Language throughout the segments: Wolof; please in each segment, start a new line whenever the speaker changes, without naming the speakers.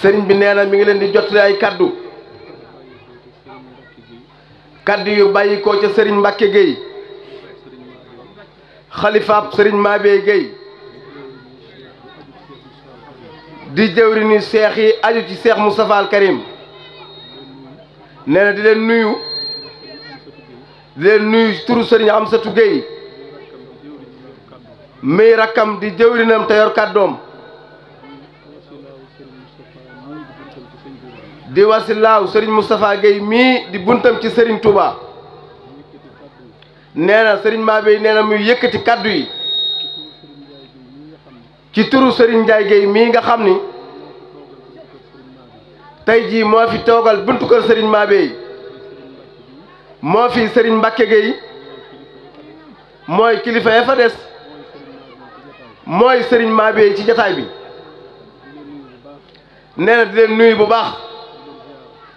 sëriñ bi nee na mi ngi leen di jottali ay kaddu kàddu yu bàyyikoo ca sëriñ Mbacke Gueye xalifaab sëriñ Mabé Gueye di jëwriñu seex yi aju ci seex Moustapha al Karim nee na di leen nuyu di leen nuyu turu sëriñ Amsatou Gueye muy rakkam di jëwriñam te kàddoom di wasilaaw Serigne Moustapha Gueye mii di buntam ci sëriñ Touba nee na Serigne Mabey nee muy yëkkati kaddu yi ci turu sëriñ Ndiaye Gueye mii nga xam ni tey jii moo fi toogal buntu kër Serigne Mabey moo fi Serigne Mbacke Gueye mooy kilifa ya fa des mooy Serigne Mabey ci jataay bi nee di leen nuyu bu baax.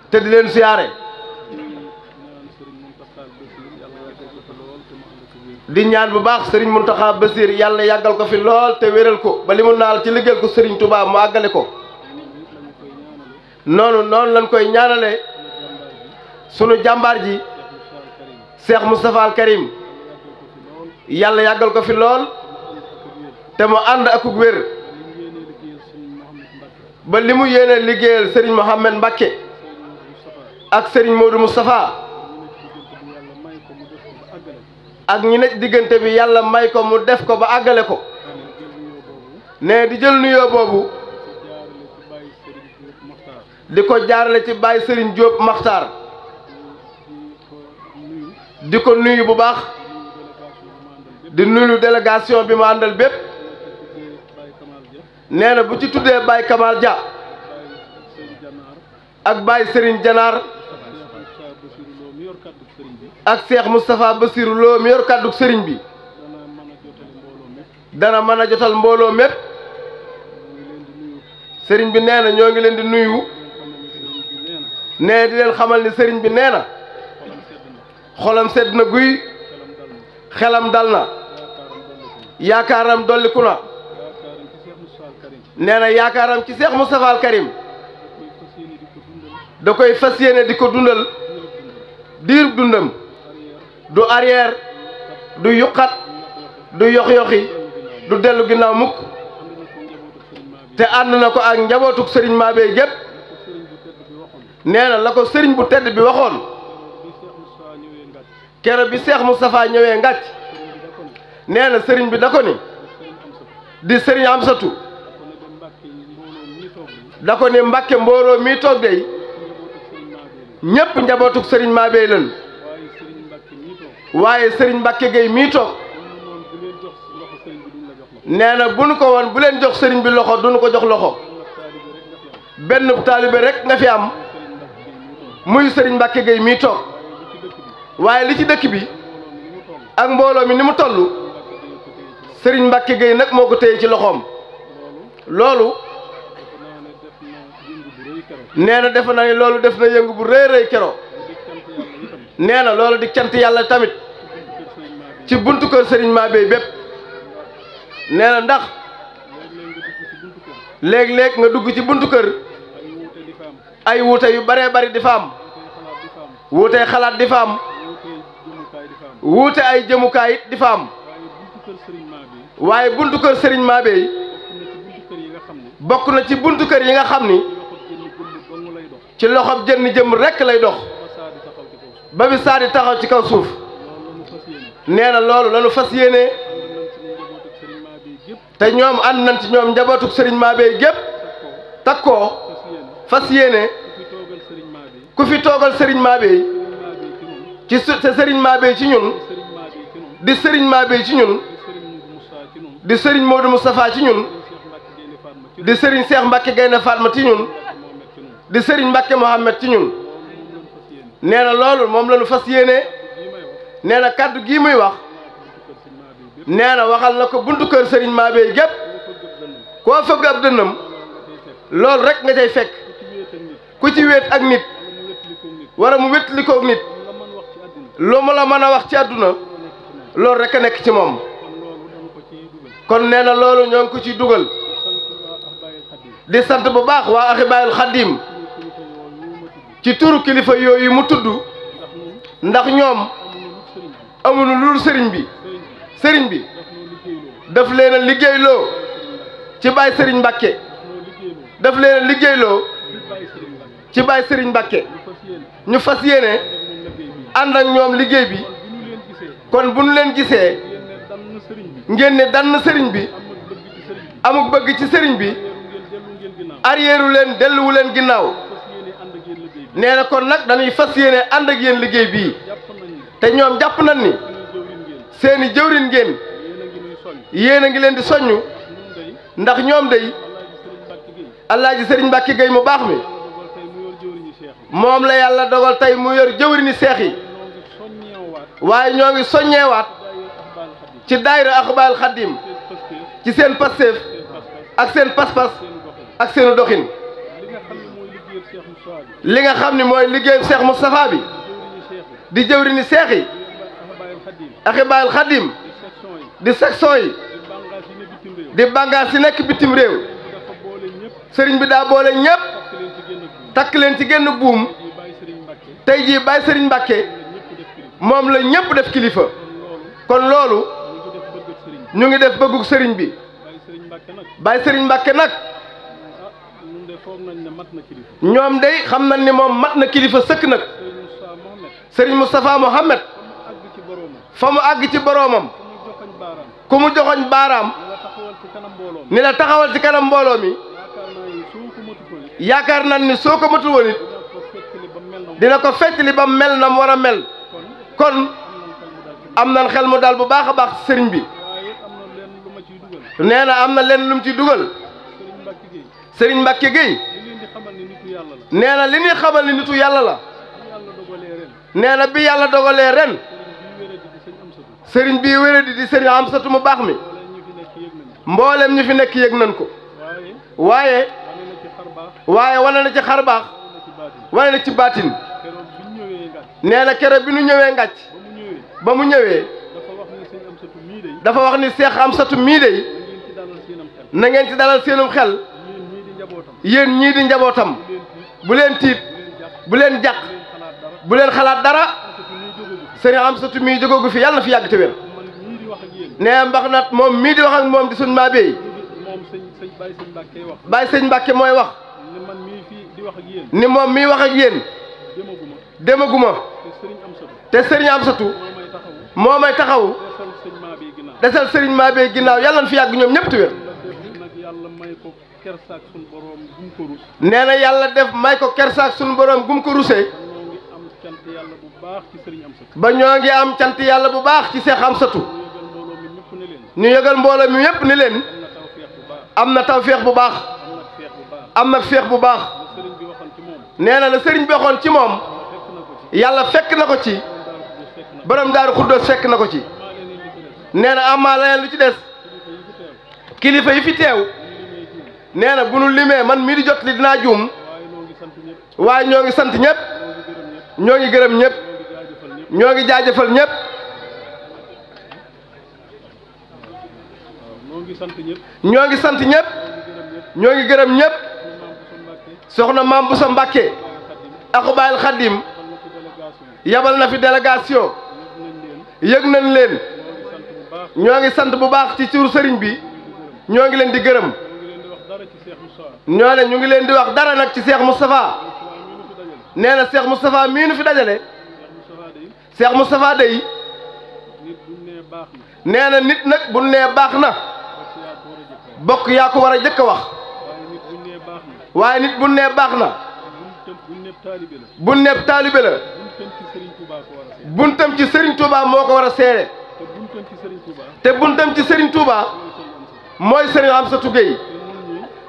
te di leen siyaare di ñaan bu baax sëriñ Mountakha Bassir yàlla yàggal ko fi lool te wéral ko ba li mu naal ci liggéeyal ko Serigne Touba mu àggale ko noonu noonu lañ koy ñaanale sunu jàmbaar ji Cheikh mu Al Karim yàlla yàggal ko fi lool te mu ànd akuk wér ba li mu yéene liggéeyal Serigne Mohamed ak Serigne Modou Moustapha ak ñi nekk diggante bi yàlla may ko mu def ko ba àggale ko ne di jël nuyoo boobu di ko jaarale ci Baye sëriñ jóob Makhtar di ko nuyu bu baax di nuyu délégation bi mu àndal bépp nee na bu ci tuddee Baye Kamal Dia ak Baye Serigne Janaar ak seex Moustapha Bassirou Lo mi yor kàddug sëriñ bi dana mën a jotal mbooloo mépp sëriñ bi nee na ñoo ngi leen di nuyu nee di leen xamal ni sëriñ bi nee na xolam sedd na guy xelam dal na yaakaaram dolliku na nee na yaakaaram ci seex Moustapha Karim da koy fas yéene di ko dundal diir dundam du arrière du yuqat du yox du dellu ginnaaw mukk te ànd na ko ak njabootuk sëriñ Mabéye gépp nee na la ko sëriñ bu tedd bi waxoon kere bi Seex Moustapha ñëwee ngàcc nee na sëriñ bi da ko ni di sëriñ Amsatu da ko ni Mbàkke mbooloo dey ñépp njabootug sëriñ Mabéye lan waaye sëriñ Mbacke Gueye mii toog nee na bu nu ko woon bu leen jox sëriñ bi loxo du nu ko jox loxo benn taalibe rek nga fi am muy sëriñ Mbacke Gueye mii toog waaye li ci dëkk bi ak mbooloo mi ni mu toll sëriñ Mbacke géy nag moo ko téye ci loxoom loolu nee na defe na loolu def na yëngu bu rëy rëy keroo nee na loolu di cant yàlla tamit ci buntu kër Serigne Mabéye bépp nee na ndax léeg-léeg nga dugg ci buntu kër ay wuute yu baree bari di fa am wuutee xalaat di fa am wuute ay jëmukaay it di fa am waaye buntu kër Serigne Mabéye bokk na ci buntu kër yi nga xam ni ci loxob jënn jëmm rekk lay dox ba bi saa taxaw ci kaw suuf nee na loolu lañu fas yéene te ñoom ànd nañ ci ñoom njabootuk sëriñ Mabéye gépp takkoo fas yéene ku fi toogal sëriñ Mabéye ci te sëriñ Mabéye ci ñun di sëriñ Mabéye ci ñun di sëriñ Modou Moustapha ci ñun ci ñun di Serigne Mbacke Mohamed ci ñun nee na loolu moom la ñu fas yéene nee na kaddu gii muy wax nee na waxal na ko buntu kër Serigne Mabey gépp koo fëgg ab dënnam loolu rek nga cay fekk ku ci wéet ak nit wala mu li ko nit loo mu la mën a wax ci àdduna loolu rek a nekk ci moom kon nee na loolu ñoo ngi ko ciy dugal di sant bu baax waa Ahibaahil Khadim ci tuuru kilifa yooyu mu tudd ndax ñoom amul lul sëriñ bi sëriñ bi daf leen a liggéeyloo ci baay sëriñ Mbàkke daf leen a liggéeyloo ci baay sëriñ Mbàkke ñu fas yéene ànd ñoom liggéey bi kon bu ñu leen gisee ngeen ne dann sëriñ bi amuk bëgg ci sëriñ bi arrière leen delluwu leen ginnaaw nee na kon nag dañuy fas yéene ànd ak yéen liggéey bii te ñoom jàpp nañ ni seeni jëwrin ngeen yéen a ngi leen di soññu ndax ñoom day Alaaji Sëriñ Mbàkke Gey mu baax mi moom la yàlla dogal tey mu yor jëwrini seex yi waaye ñoo ngi soññeewaat ci daayira Axbaal Xaddim ci seen pasteef ak seen pas ak seenu doxin li nga xam ne mooy liggéeyu Cheikh Moustapha bi di jëwriñu seex yi axibaayul xadim di section yi di bàngaas yi nekk bitim réew sëriñ bi daa boole ñépp takk leen ci génn buum tey jii bàyyi sëriñ Mbàkke moom la ñépp def kilifa kon loolu ñu ngi def bëggug sëriñ bi bàyyi sëriñ Mbàkke nag ñoom day xam nañ ne moom mat na kilifa sëkk nag sëriñ Moustapha Mohamed fa mu àgg ci boroomam ku mu joxoñ baaraam ni la taxawal ci kanam mbooloo mi yaakaar nañ ni soo ko matul woon dina ko fettali ba mel na mu war a mel kon am nañ xel mu daal bu baax a baax sëriñ bi nee na am na leen lu ci dugal Serigne Mbacke Gueye nee na li ñuy xamal ni nitu yàlla la nee na bi yàlla dogalee ren sëriñ bii wéradi di Serigne Amsatu mu baax mi mboolem ñu fi nekk yëg nañ ko waaye waaye wane na ci xar baax wane na ci baatin nee na keroog bi nu ñëwee ngàcc ba mu ñëwee dafa wax ni Seex Amsatu mii de na ngeen ci dalal seenum xel. yéen ñii di njabootam bu leen tiit bu leen jàq bu leen xalaat dara sëriñ Amsatu mii jógoogu fi yàlla na fi yàgg te wér nee mbax nat moom mii di wax ak moom di suñ maa béy bàyyi sëñ Mbàkke mooy wax
ni moom mii wax ak yéen
demaguma te sëriñ satu moo may taxaw desal sëriñ maa béy ginnaaw yàlla na fi yàgg ñoom ñëpp te wér
ko
nee na yàlla def may ko kersaak sunu borom gum ko rusee. ba ñoo ngi am cant yàlla bu baax ci Seex Amsatu ñu yëgal mbooloo mi yépp ni leen am na tawféex bu baax am na feex bu baax nee na la sëriñ bi waxoon ci moom yàlla fekk na ko ci borom daaru xuddoos fekk na ko ci nee na amaa leneen lu ci des kilifa yi fi teew nee na bu nu limee man mii di jot li dinaa juum waaye ñoo ngi sant ñëpp ñoo ngi gërëm ñëpp ñoo ngi jaajëfal ñëpp ñoo ngi sant ñëpp ñoo ngi gërëm ñëpp soxna maam bu sa Mbàkke ak Baayil Xaddim yabal na fi délégation yëg nañ leen ñoo ngi sant bu baax ci tur sëriñ bi ñoo ngi leen di gërëm ñoo ne ñu ngi leen di wax dara nag ci Cheikh Moustapha nee na Cheikh Moustapha mii nu fi dajale Cheikh Moustapha day nee na nit nag bu nee baax na bokk yaa ko war a jëkk a wax waaye nit bu nee baax na bu neeb taalibe la buntam ci sëriñ Touba moo ko war a seere te buntam ci sëriñ Touba mooy Serigne Amsatou Gueye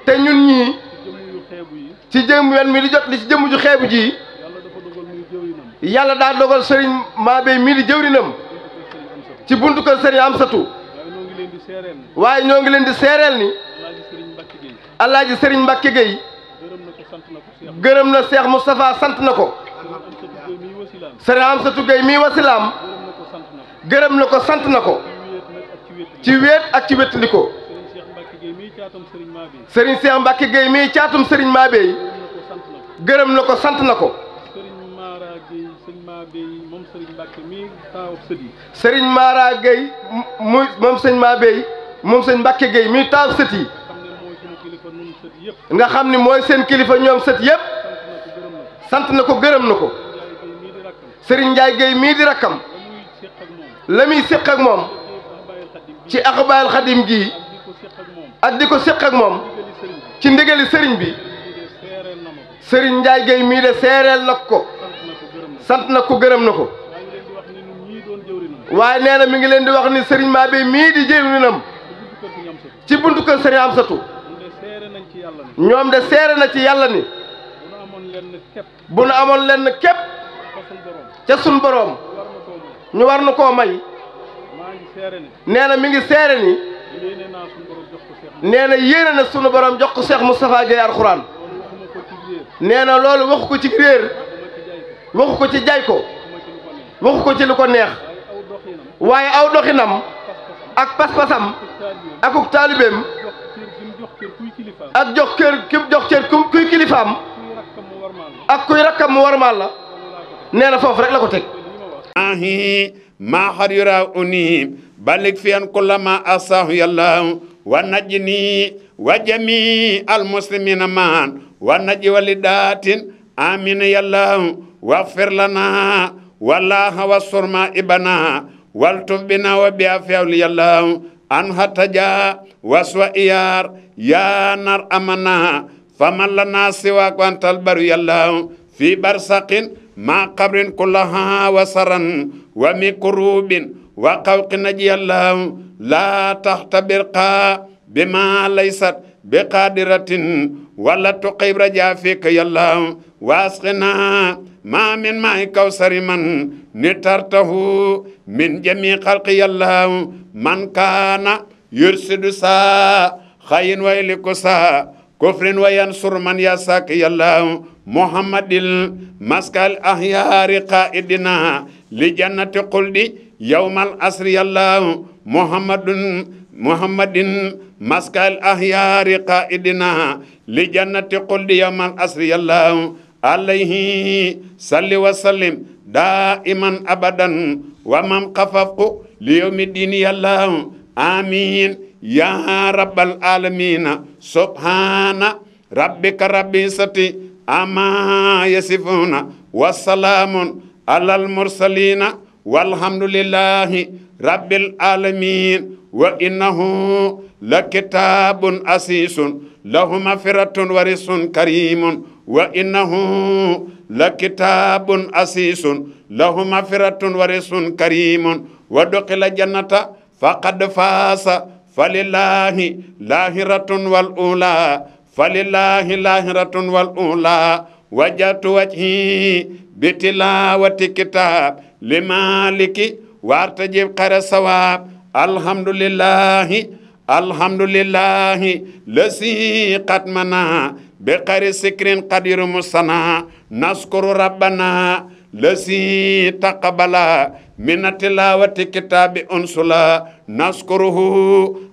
te ñun ñii ci jëm wen mi di jot li ci jëm ju xeebu ji yàlla daa dogal sëriñ Mabéye mii di jëwrinam ci buntu kër sëriñ Amsatu waaye ñoo ngi leen di seereel ni alaaji sëriñ Mbàkke Gueye gërëm na Cheikh Moustapha sant na ko sëriñ Amsatu Gueye mii wasilaam gërëm na ko sant na ko ci wéet ak ci wéttali ko sëriñ Cheikh Mbacke Gueye mii caatum sëriñ Mabé yi gërëm na ko sant na ko. sëriñ Mara Gueye muy moom sëñ Mabé yi moom sëñ Mbacke Gueye mii taaw sët nga xam ni mooy seen kilifa ñoom sët yëpp sant na ko gërëm na ko sëriñ Ndiaye Gueye mii di rakkam la muy moom ci axbaayal xadim gii ak di ko séq moom ci ndigali sëriñ bi sëriñ Njaay Géey mii de seereel na ko sant na ko gërëm na ko waaye nee na mi ngi leen di wax ni sëriñ Mabéye mii di jëwrinam ci buntu kër sëriñ Amsatu ñoom de seere na ci yàlla ni bu nu amoon lenn képp ca sun boroom ñu war na koo may nee na mi ngi seere ni nee na yéene na sunu borom jox ko seex Moustapha Gueye alxuraan nee na loolu waxu ko ci réer waxu ko ci jaay ko waxu ko ci lu ko neex waaye aw doxinam ak pas-pasam akuk taalibeem ak jox kër kim jox kër kuy kilifaam ak
kuy rakkam mu warmaal la nee foofu rek la ko teg ahi ma xar yura unim balik fiyan kullama asahu yallahu wa najjini wa jamii almuslimina maan wa najji walidatin amina yallahu wagfir lana wallaha wasurma ibana waltumbina wa biya fewli yallahu an hataja waswa iyar ya nar amana faman lana siwa ko antal baru yallahu fi barsakin ma kabrin kullaha wa saran wa mikurubin wa kawqi naji laa taxtabir xaa bi ma laysat bi qaadiratin wala tuqib rajaa fik yàlla waasqina ma min maay kawsari man ni tartahu min jami xalqi yàlla man kaana yursidu saa xayin way saa kufrin wa yansur man yasak muhammadil maskal ahyaari qaidina li jannati yawmal asri yàlla muhammadun muhammadin maskal ahyaari qaidina li jannati qulli yawmal asri yàlla alayhi salli wa sallim daiman abadan wa mam xafaqu li yawmi diini yàlla amin ya rabbal alamina subhana rabbika rabbi sati amma yasifuna wa salaamun alal mursalina walhamdulillahi rabbil alamin wa innahu la kitabun asisun lahu mafiratun wa rizqun karimun wa innahu la kitabun asisun lahu mafiratun wa rizqun karimun wa duqila jannata faqad faasa falillahi lahiratun wal ula falillahi lahiratun wal ula wajjatu wajhi bitilawati kitab li maliki wartajib xara sawaab alhamdulillahi alhamdulillahi lasi qad mana bi sikrin qadiru musana naskuru rabbana lasi taqabala min tilawati kitabi unsula naskuruhu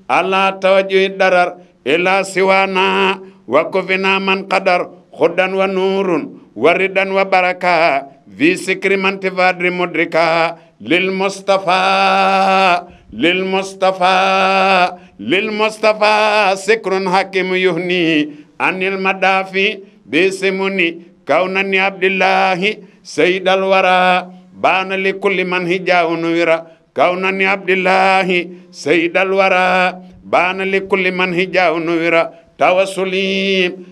ala tawajjuhi darar ila siwana wa kufina man qadar hudan wa nurun wa ridan wa baraka في سكر من تفادر مدركا للمصطفى للمصطفى للمصطفى سكر حكيم يهني عن المدافي بسمني كونني عبد الله سيد الورى بان لكل من هجاه نويرا كونني عبد الله سيد الورى بان لكل من هجاه نويرا توسلي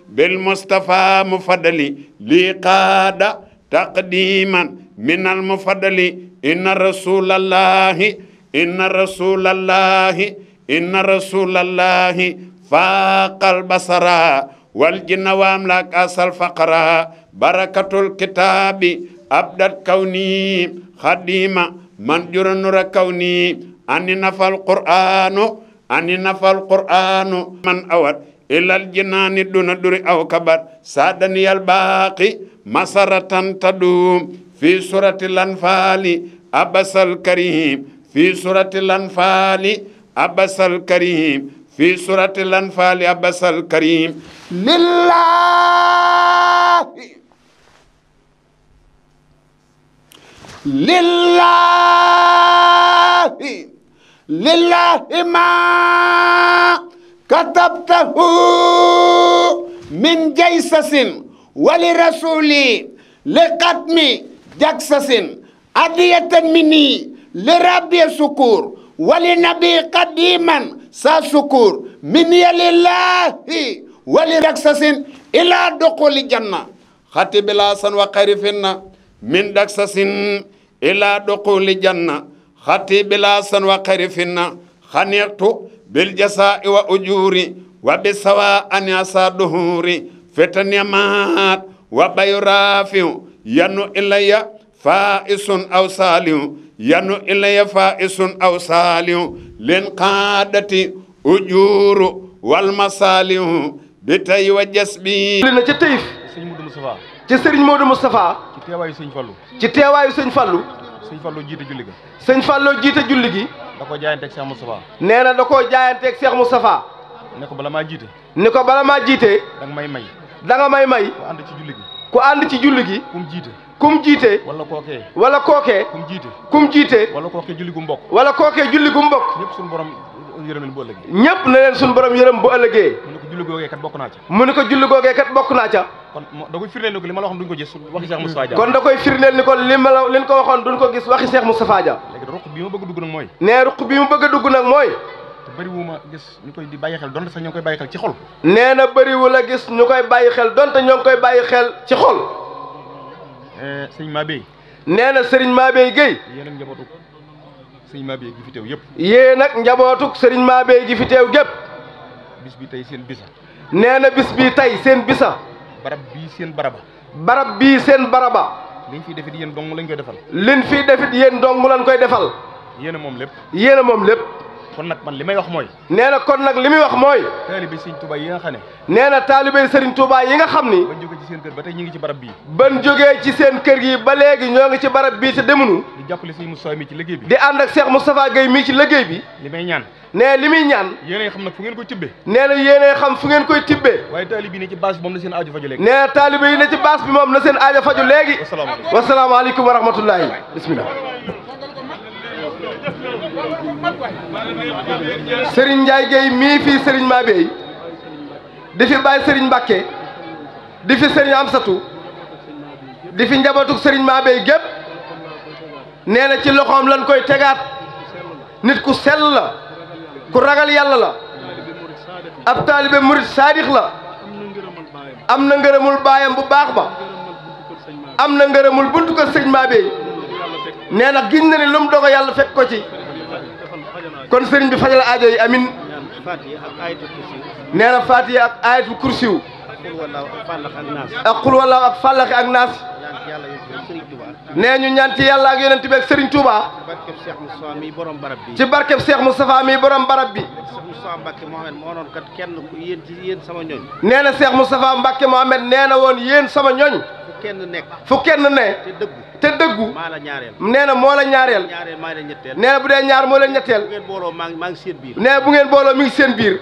بالمصطفى مفضلي لقاده taqdiman min al mufaddali inna rasulallahi inna rasulallahi inna rasulallahi faaqal basara wal jinna waamlaak asal faqara barakatul kitaabi abdat kawni khadima man jura nura kawni ani nafal qur'anu ani nafal qur'anu man awat ilal jinaani duna duri aw kabar sadaniyal masaratan tadum fi surati lanfaali abasal karim fi surati lanfaali abasal karim fi surati katabtahu min jaysasin wali rasuli li xatmi jaksasin adiyatan minni li rabbi sukur wali nabi qadiman sa sukur min yalillahi wali daksasin ila duquli janna hati bila san wa kayri finna min daksasin ila duquli janna hati bila san wa kayri finna hanirtu بالجزاء وأجور وبسواء يسا دهور فتن يمات وبيرافع ينو إلي فائس أو سالي ينو إلي فائس أو سالي لنقادة أجور والمصالح بتي وجسبي لنا تيف
سيدي مودو مصطفى ci Serigne Modou Moustapha ci teewaayu Serigne Fallou ci teewaayu Serigne Fallou sëñ Fallou jiite julli sëñ Fallou jiite julli gi. da koo jaayanteeg Cheikh Moustapha. nee na da koo jaayanteeg Cheikh Moustapha. ne ko bala maa jiite. ne ko bala maa jiite. da nga may may. da nga may may. ànd ci julli ku ànd ci julli gi. kum jiite. kum jiite. wala kookee. wala kookee. kum jiite. kum jiite. wala kookee julli gu mbokk. wala kookee julli gu mbokk. ñëpp suñu borom yërëm leen bu ëllëgee. ñëpp borom yërëm bu ëllëgee. mu bokk naa ne ko julli googee kat bokk naa ca. kon da koy firndeel ni ko li ma la ko kon ko li ma la leen ko waxoon duñ ko gis waxi Cheikh Moustapha Dia. ruq bi ma bëgg a dugg nag mooy. nee ruq bi ma bëgg dugg nag mooy. te bëriwuma gis ñu koy di bàyyi xel donte sax ñoo ngi koy bàyyi ci xol. nee na bëriwu la gis ñu koy bàyyi xel donte ñoo ngi koy bàyyi xel ci xol. Euh, sëriñ Mabey. nee na sëriñ Mabey Guèye. yéen ak njabootuk sëriñ Mabey gi fi teew yëpp. yéen ak njabootuk sëriñ Mabey gi fi teew gépp bis bi tey seen bisa. nee na bis bi tey seen bisa. barab bii seen baraba. barab bii seen baraba. liñ fiy defit yéen dong lañ koy defal. liñ fiy defit yéen dong lañ koy defal. yéen moom lépp. yéen moom lépp. kon nag man li may wax mooy. nee na kon nag li muy wax mooy. taalibe Serigne Touba yi nga xam ne. nee na taalibe Serigne Touba yi nga xam ni. ban jógee ci seen kër ba ñu ngi ci barab bii. ban jógee ci seen kër yi ba léegi ñoo ngi ci barab bii te demunu di jàppale Serigne Moustapha mii ci liggéey bi. di ànd ak Cheikh Moustapha Gueye mii ci liggéey bi. li may ñaan. nee li muy ñaan. yéenay xam nag fu ngeen koy tibbee. nee na yéenay xam fu ngeen koy tibbee. waaye taalibe yi ne ci base bi moom na seen aajo faju léegi. nee na taalibe yi ne ci base bi moom na bismillah Serigne Ndiaye Gueye mii fii Serigne Mabey di fi bàyyi Serigne Mbakke di fi Serigne Amsatu di fi njabootu Serigne Mabey gépp nee ci loxoom lañ koy tegaat nit ku sel la ku ragal yàlla la ab taalibe murit saadix la am na ngërëmul baayam bu baax ba am na ngërëmul buntu ko Serigne Mabey nee na gis na ni lu dogo yàlla fekk ko ci. kon sëriñ bi fajal aajo yi amin nee na Faatiha ak ayatul kursiw ak xul wallaaw ak fàllaxi ak naas nee ñu ñaan ci yàlla ak yonent bi ak Serigne Touba ci barkeb Cheikh Moustapha mi borom barab bi nee na Cheikh Moustapha Mbacke Mohamed nee na woon yéen sama ñooñ fu kenn ne te dëggu nee na moo la ñaareel nee na bu dee ñaar moo leen ñetteel nee bu ngeen booloo mi ngi seen biir